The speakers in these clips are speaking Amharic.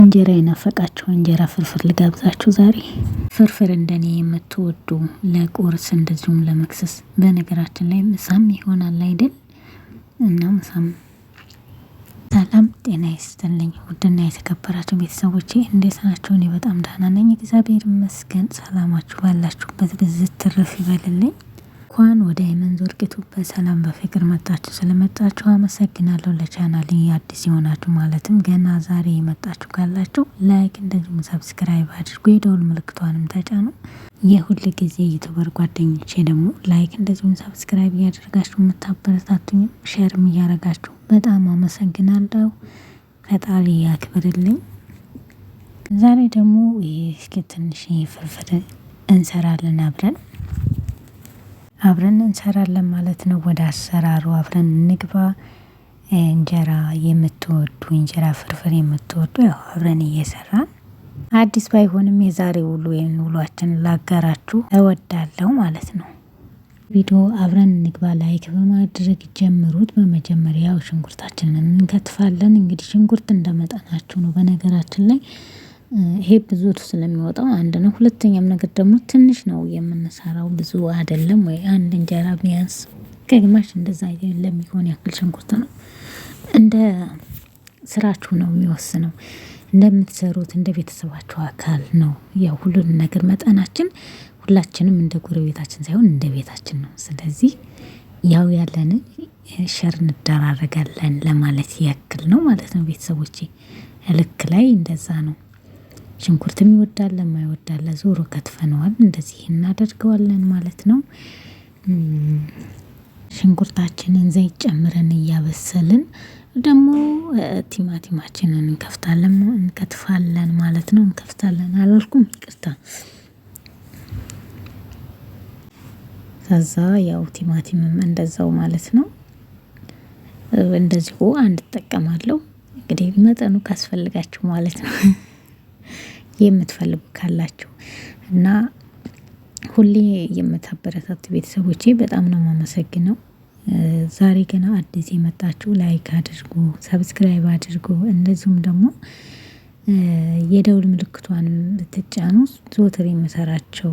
እንጀራ የናፈቃችሁ እንጀራ ፍርፍር ልጋብዛችሁ ዛሬ። ፍርፍር እንደኔ የምትወዱ ለቁርስ እንደዚሁም ለመክሰስ፣ በነገራችን ላይ ምሳም ይሆናል አይደል? እና ምሳም ሰላም ጤና ይስጥልኝ። ውድና የተከበራችሁ ቤተሰቦቼ እንዴት ናችሁ? እኔ በጣም ደህና ነኝ፣ እግዚአብሔር ይመስገን። ሰላማችሁ ባላችሁበት ብዝት ትርፍ ይበልልኝ። እንኳን ወደ የመንዞር ቂጡ በሰላም በፍቅር መጣችሁ። ስለመጣችሁ አመሰግናለሁ። ለቻናል አዲስ የሆናችሁ ማለትም ገና ዛሬ የመጣችሁ ካላችሁ ላይክ፣ እንደዚሁም ሰብስክራይብ አድርጉ፣ የደውል ምልክቷንም ተጫኑ። የሁል ጊዜ ዩቱበር ጓደኞቼ ደግሞ ላይክ፣ እንደዚሁም ሰብስክራይብ እያደረጋችሁ የምታበረታቱኝም ሸርም እያረጋችሁ በጣም አመሰግናለሁ። ፈጣሪ ያክብርልኝ። ዛሬ ደግሞ ይህ ትንሽ ፍርፍር እንሰራለን አብረን አብረን እንሰራለን ማለት ነው። ወደ አሰራሩ አብረን እንግባ። እንጀራ የምትወዱ እንጀራ ፍርፍር የምትወዱ ያው አብረን እየሰራን አዲስ ባይሆንም የዛሬ ውሎ ወይም ውሏችን ላጋራችሁ እወዳለሁ ማለት ነው። ቪዲዮ አብረን እንግባ። ላይክ በማድረግ ጀምሩት። በመጀመሪያው ሽንኩርታችንን እንከትፋለን። እንግዲህ ሽንኩርት እንደመጠናችሁ ነው። በነገራችን ላይ ይሄ ብዙ ስለሚወጣው አንድ ነው። ሁለተኛም ነገር ደግሞ ትንሽ ነው የምንሰራው፣ ብዙ አይደለም ወይ አንድ እንጀራ ቢያንስ ከግማሽ እንደዛ ለሚሆን ያክል ሽንኩርት ነው። እንደ ስራችሁ ነው የሚወስነው፣ እንደምትሰሩት እንደ ቤተሰባችሁ አካል ነው። ያው ሁሉን ነገር መጠናችን ሁላችንም እንደ ጎረቤታችን ሳይሆን እንደ ቤታችን ነው። ስለዚህ ያው ያለን ሸር እንደራረጋለን ለማለት ያክል ነው ማለት ነው ቤተሰቦቼ። ልክ ላይ እንደዛ ነው። ሽንኩርትም ይወዳል የማይወዳለ ዞሮ ከትፈነዋል እንደዚህ እናደርገዋለን ማለት ነው። ሽንኩርታችንን ዘይት ጨምረን እያበሰልን ደግሞ ቲማቲማችንን እንከፍታለን እንከትፋለን ማለት ነው። እንከፍታለን አላልኩም ይቅርታ። ከዛ ያው ቲማቲምም እንደዛው ማለት ነው። እንደዚሁ አንድ እጠቀማለሁ እንግዲህ መጠኑ ካስፈልጋችሁ ማለት ነው። የምትፈልጉ ካላችሁ እና ሁሌ የምታበረታት ቤተሰቦቼ በጣም ነው የማመሰግነው። ዛሬ ገና አዲስ የመጣችሁ ላይክ አድርጉ ሰብስክራይብ አድርጉ እንደዚሁም ደግሞ የደውል ምልክቷን ብትጫኑ ዘወትር የምሰራቸው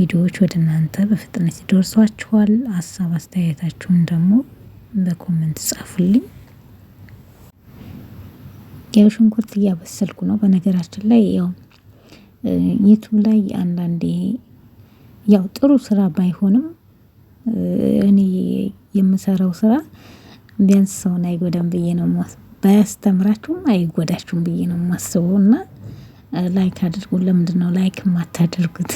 ቪዲዮዎች ወደ እናንተ በፍጥነት ይደርሷችኋል። ሀሳብ አስተያየታችሁን ደግሞ በኮመንት ጻፉልኝ። ያው ሽንኩርት እያበሰልኩ ነው። በነገራችን ላይ ያው ዩቱብ ላይ አንዳንዴ ያው ጥሩ ስራ ባይሆንም እኔ የምሰራው ስራ ቢያንስ ሰውን አይጎዳም ብዬ ነው ባያስተምራችሁም አይጎዳችሁም ብዬ ነው የማስበው። እና ላይክ አድርጉ። ነው ላይክ የማታደርጉት?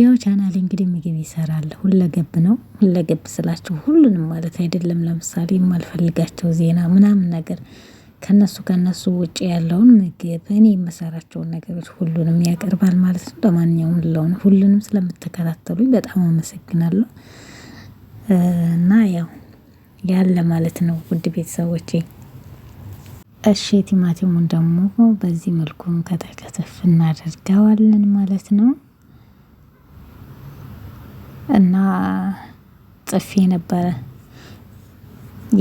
ያው ቻናል እንግዲህ ምግብ ይሰራል። ሁለገብ ነው። ሁለገብ ስላቸው ሁሉንም ማለት አይደለም። ለምሳሌ የማልፈልጋቸው ዜና ምናምን ነገር ከነሱ ከነሱ ውጭ ያለውን ምግብ እኔ የምሰራቸውን ነገሮች ሁሉንም ያቀርባል ማለት ነው። ለማንኛውም ለውን ሁሉንም ስለምትከታተሉኝ በጣም አመሰግናለሁ። እና ያው ያለ ማለት ነው ውድ ቤተሰቦቼ። እሺ ቲማቲሙን ደግሞ በዚህ መልኩም ከተከተፍ እናደርገዋለን ማለት ነው። እና ጽፌ ነበረ።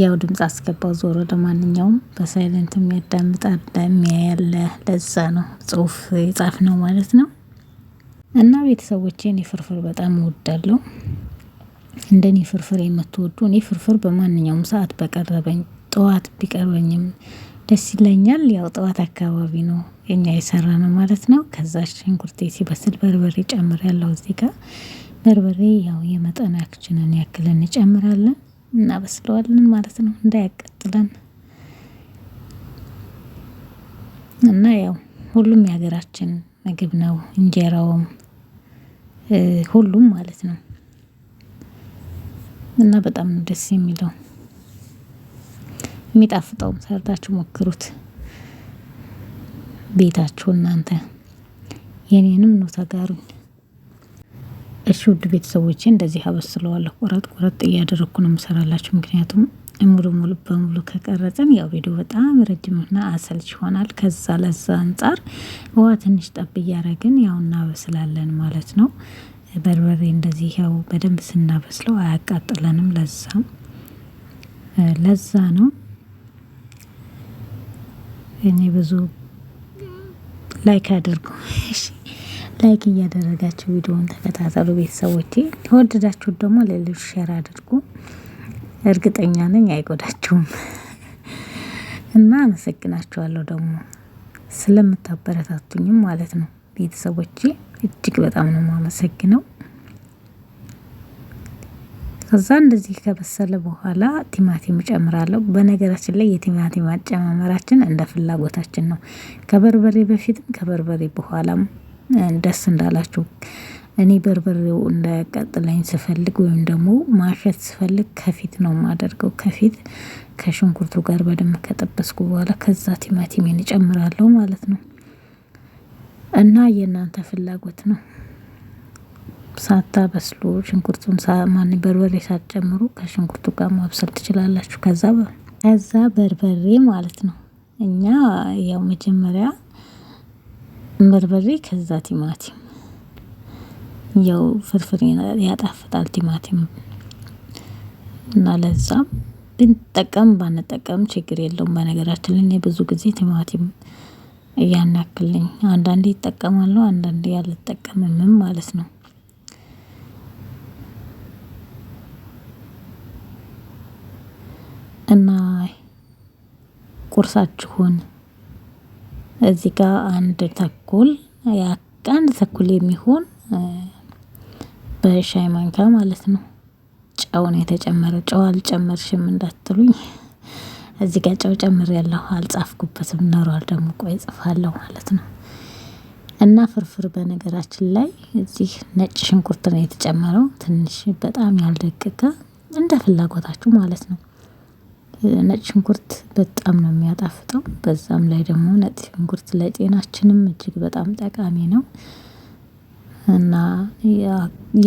ያው ድምጽ አስገባው ዞሮ ለማንኛውም በሳይለንት የሚያዳምጥ የሚያያለ ለዛ ነው ጽሁፍ የጻፍ ነው ማለት ነው። እና እኔ ፍርፍር በጣም እወዳለሁ። እንደኔ ፍርፍር የምትወዱ እኔ ፍርፍር በማንኛውም ሰዓት በቀረበኝ ጠዋት ቢቀርበኝም ደስ ይለኛል። ያው ጠዋት አካባቢ ነው እኛ የሰራነው ማለት ነው። ከዛ ሽንኩርቴ ሲበስል በርበሬ ጨምሬያለሁ እዚህ ጋር በርበሬ ያው የመጠናችንን ያክል እንጨምራለን እናበስለዋለን ማለት ነው እንዳያቀጥለን እና ያው ሁሉም የሀገራችን ምግብ ነው እንጀራውም ሁሉም ማለት ነው። እና በጣም ነው ደስ የሚለው የሚጣፍጠውም ሰርታችሁ ሞክሩት። ቤታችሁ እናንተ የኔንም ኑ ተጋሩኝ እሺ ውድ ቤተሰቦቼ እንደዚህ አበስለዋለሁ። ቆረጥ ቆረጥ እያደረግኩ ነው የምሰራላችሁ። ምክንያቱም ሙሉ ሙሉ በሙሉ ከቀረጽን ያው ቪዲዮ በጣም ረጅምና አሰልች ይሆናል። ከዛ ለዛ አንጻር ውሃ ትንሽ ጠብ እያረግን ያው እናበስላለን ማለት ነው። በርበሬ እንደዚህ ያው በደንብ ስናበስለው አያቃጥለንም። ለዛ ለዛ ነው እኔ ብዙ ላይክ አድርጉ። ላይክ እያደረጋችሁ ቪዲዮውን ተከታተሉ ቤተሰቦች ከወደዳችሁት ደግሞ ሌሎች ሼር አድርጉ። እርግጠኛ ነኝ አይጎዳችሁም እና አመሰግናችኋለሁ ደግሞ ስለምታበረታቱኝም ማለት ነው ቤተሰቦች፣ እጅግ በጣም ነው የማመሰግነው። ከዛ እንደዚህ ከበሰለ በኋላ ቲማቲም ጨምራለሁ። በነገራችን ላይ የቲማቲም አጨማመራችን እንደ ፍላጎታችን ነው። ከበርበሬ በፊትም ከበርበሬ በኋላም ደስ እንዳላችሁ። እኔ በርበሬው እንዳያቃጥለኝ ስፈልግ ወይም ደግሞ ማሸት ስፈልግ ከፊት ነው የማደርገው። ከፊት ከሽንኩርቱ ጋር በደንብ ከጠበስኩ በኋላ ከዛ ቲማቲሜን እጨምራለሁ ማለት ነው። እና የእናንተ ፍላጎት ነው። ሳታበስሉ ሽንኩርቱን ማን በርበሬ ሳትጨምሩ ከሽንኩርቱ ጋር ማብሰል ትችላላችሁ። ከዛ ከዛ በርበሬ ማለት ነው። እኛ ያው መጀመሪያ በርበሬ ከዛ ቲማቲም ያው ፍርፍር ያጣፍጣል ቲማቲም እና ለዛም ብንጠቀም ባንጠቀም ችግር የለውም። በነገራችን ላይ ብዙ ጊዜ ቲማቲም እያናክልኝ አንዳንዴ ይጠቀማሉ አንዳንዴ ያልጠቀምምም ማለት ነው። እና ቁርሳችሁን እዚህ ጋር አንድ ተኩል አንድ ተኩል የሚሆን በሻይ ማንኪያ ማለት ነው ጨው ነው የተጨመረው። ጨው አልጨመርሽም እንዳትሉኝ። እዚህ ጋር ጨው ጨምር ያለሁ አልጻፍኩበትም። ኖሯል ደግሞ ቆይ ጽፋለሁ ማለት ነው። እና ፍርፍር በነገራችን ላይ እዚህ ነጭ ሽንኩርት ነው የተጨመረው። ትንሽ በጣም ያልደቀቀ እንደ ፍላጎታችሁ ማለት ነው። ነጭ ሽንኩርት በጣም ነው የሚያጣፍጠው በዛም ላይ ደግሞ ነጭ ሽንኩርት ለጤናችንም እጅግ በጣም ጠቃሚ ነው። እና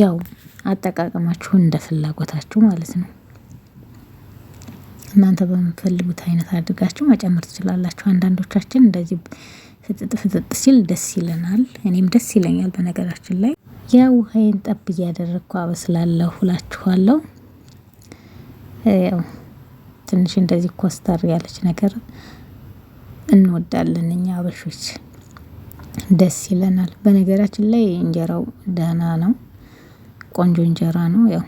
ያው አጠቃቀማችሁ እንደ ፍላጎታችሁ ማለት ነው። እናንተ በምትፈልጉት አይነት አድርጋችሁ መጨመር ትችላላችሁ አንዳንዶቻችን እንደዚህ ፍጥጥ ፍጥጥ ሲል ደስ ይለናል እኔም ደስ ይለኛል በነገራችን ላይ ያው ውሃዬን ጠብ እያደረግኩ አበስላለሁ እላችኋለሁ። ያው ትንሽ እንደዚህ ኮስተር ያለች ነገር እንወዳለን እኛ አበሾች ደስ ይለናል። በነገራችን ላይ እንጀራው ደህና ነው፣ ቆንጆ እንጀራ ነው። ያው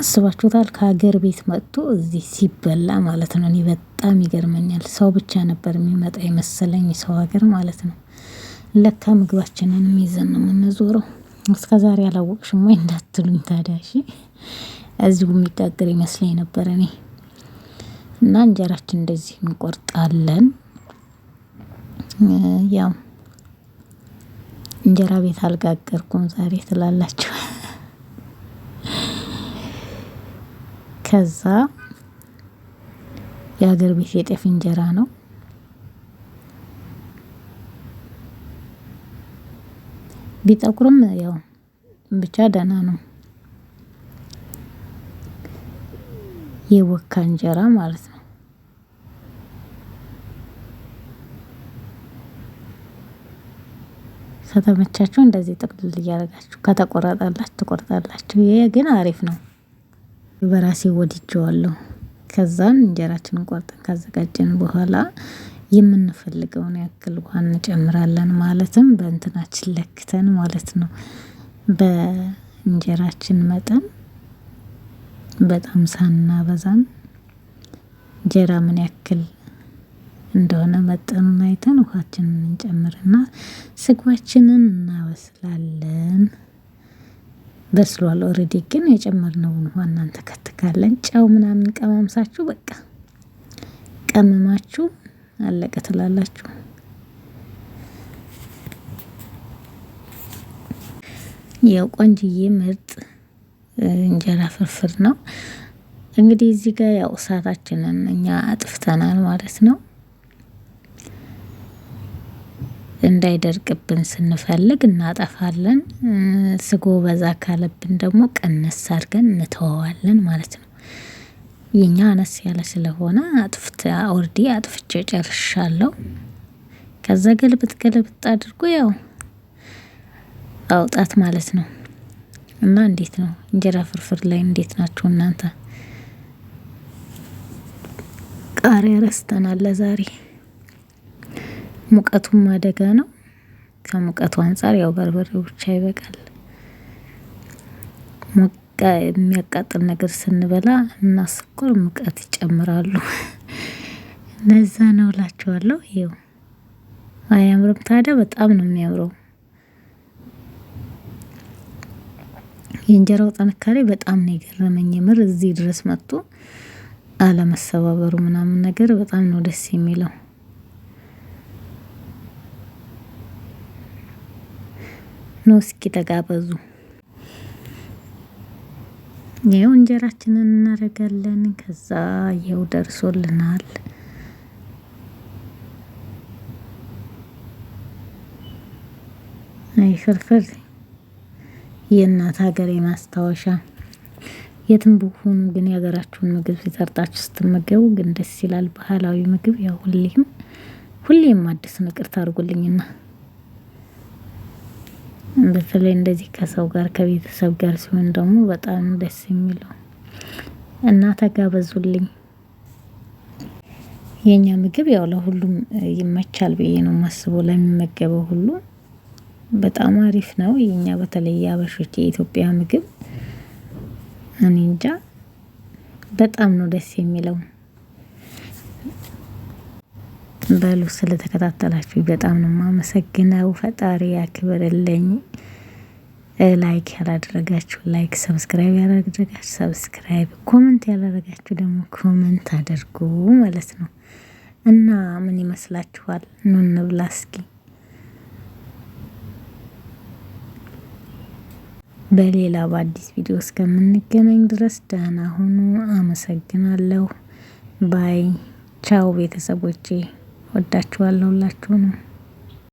አስባችሁታል? ከሀገር ቤት መጥቶ እዚህ ሲበላ ማለት ነው። እኔ በጣም ይገርመኛል። ሰው ብቻ ነበር የሚመጣ የመሰለኝ ሰው ሀገር ማለት ነው። ለካ ምግባችንን ይዘን ነው የምንዞረው። እስከ ዛሬ አላወቅሽም ወይ እንዳትሉኝ ታዲያ እሺ። እዚሁ የሚጋገር ይመስለኝ ነበር እኔ እና እንጀራችን እንደዚህ እንቆርጣለን። ያው እንጀራ ቤት አልጋገርኩም ዛሬ ትላላችሁ። ከዛ የሀገር ቤት የጤፍ እንጀራ ነው። ቢጠቁርም ያው ብቻ ደህና ነው። የወካ እንጀራ ማለት ነው። ከተመቻችሁ እንደዚህ ጥቅልል እያደረጋችሁ ከተቆረጠላችሁ ትቆርጣላችሁ። ይሄ ግን አሪፍ ነው። በራሴ ወድጄዋለሁ። ከዛን እንጀራችንን ቆርጠን ካዘጋጀን በኋላ የምንፈልገውን ያክል ውሃ እንጨምራለን። ማለትም በእንትናችን ለክተን ማለት ነው። በእንጀራችን መጠን በጣም ሳናበዛን እንጀራ ምን ያክል እንደሆነ መጠኑን አይተን ውሃችንን እንጨምርና ስጓችንን እናበስላለን። በስሏል ኦሬዲ ግን የጨመርነውን ውሃ ከትካለን ጨው ምናምን ቀማምሳችሁ በቃ ቀምማችሁ አለቀ ትላላችሁ። ያው ቆንጅዬ ምርጥ እንጀራ ፍርፍር ነው እንግዲህ እዚህ ጋር ያው እሳታችንን እኛ አጥፍተናል ማለት ነው። እንዳይደርቅብን ስንፈልግ እናጠፋለን። ስጎ በዛ ካለብን ደግሞ ቀነስ አድርገን እንተወዋለን ማለት ነው። የኛ አነስ ያለ ስለሆነ አጥፍት አውርዴ አጥፍቼ ጨርሻለሁ። ከዛ ገልብጥ ገልብጥ አድርጎ ያው አውጣት ማለት ነው። እና እንዴት ነው እንጀራ ፍርፍር ላይ እንዴት ናችሁ እናንተ? ቃሪያ ረስተናል ለዛሬ። ሙቀቱም አደጋ ነው። ከሙቀቱ አንጻር ያው በርበሬው ብቻ ይበቃል። የሚያቃጥል ነገር ስንበላ እና ስኳር ሙቀት ይጨምራሉ። ነዛ ነው እላችኋለሁ። ይኸው አያምርም ታዲያ? በጣም ነው የሚያምረው። የእንጀራው ጥንካሬ በጣም ነው የገረመኝ። ምር እዚህ ድረስ መጥቶ አለመሰባበሩ ምናምን ነገር በጣም ነው ደስ የሚለው። ኑ እስኪ ተጋበዙ። ይኸው እንጀራችንን እናደርጋለን። ከዛ ይኸው ደርሶልናል። አይ ፍርፍር የእናት ሀገር የማስታወሻ የትም ብሆኑ ግን የሀገራችሁን ምግብ ሲጠርጣችሁ ስትመገቡ ግን ደስ ይላል። ባህላዊ ምግብ ያው ሁሌም ሁሌም አዲስ ነው። ይቅርታ አድርጉልኝና በተለይ እንደዚህ ከሰው ጋር ከቤተሰብ ጋር ሲሆን ደግሞ በጣም ደስ የሚለው እና ተጋበዙልኝ። የኛ ምግብ ያው ለሁሉም ይመቻል ብዬ ነው ማስበው። ለሚመገበው ሁሉ በጣም አሪፍ ነው። የኛ በተለይ የአበሾች የኢትዮጵያ ምግብ እኔ እንጃ በጣም ነው ደስ የሚለው። በሉ ስለተከታተላችሁ በጣም ነው ማመሰግነው። ፈጣሪ ያክብርልኝ። ላይክ ያላደረጋችሁ ላይክ፣ ሰብስክራይብ ያላደረጋችሁ ሰብስክራይብ፣ ኮመንት ያላደረጋችሁ ደግሞ ኮመንት አድርጉ ማለት ነው። እና ምን ይመስላችኋል? ኑ እንብላ እስኪ። በሌላ በአዲስ ቪዲዮ እስከምንገናኝ ድረስ ደህና ሁኑ። አመሰግናለሁ። ባይ ቻው ቤተሰቦቼ። እወዳችኋለሁ ነው።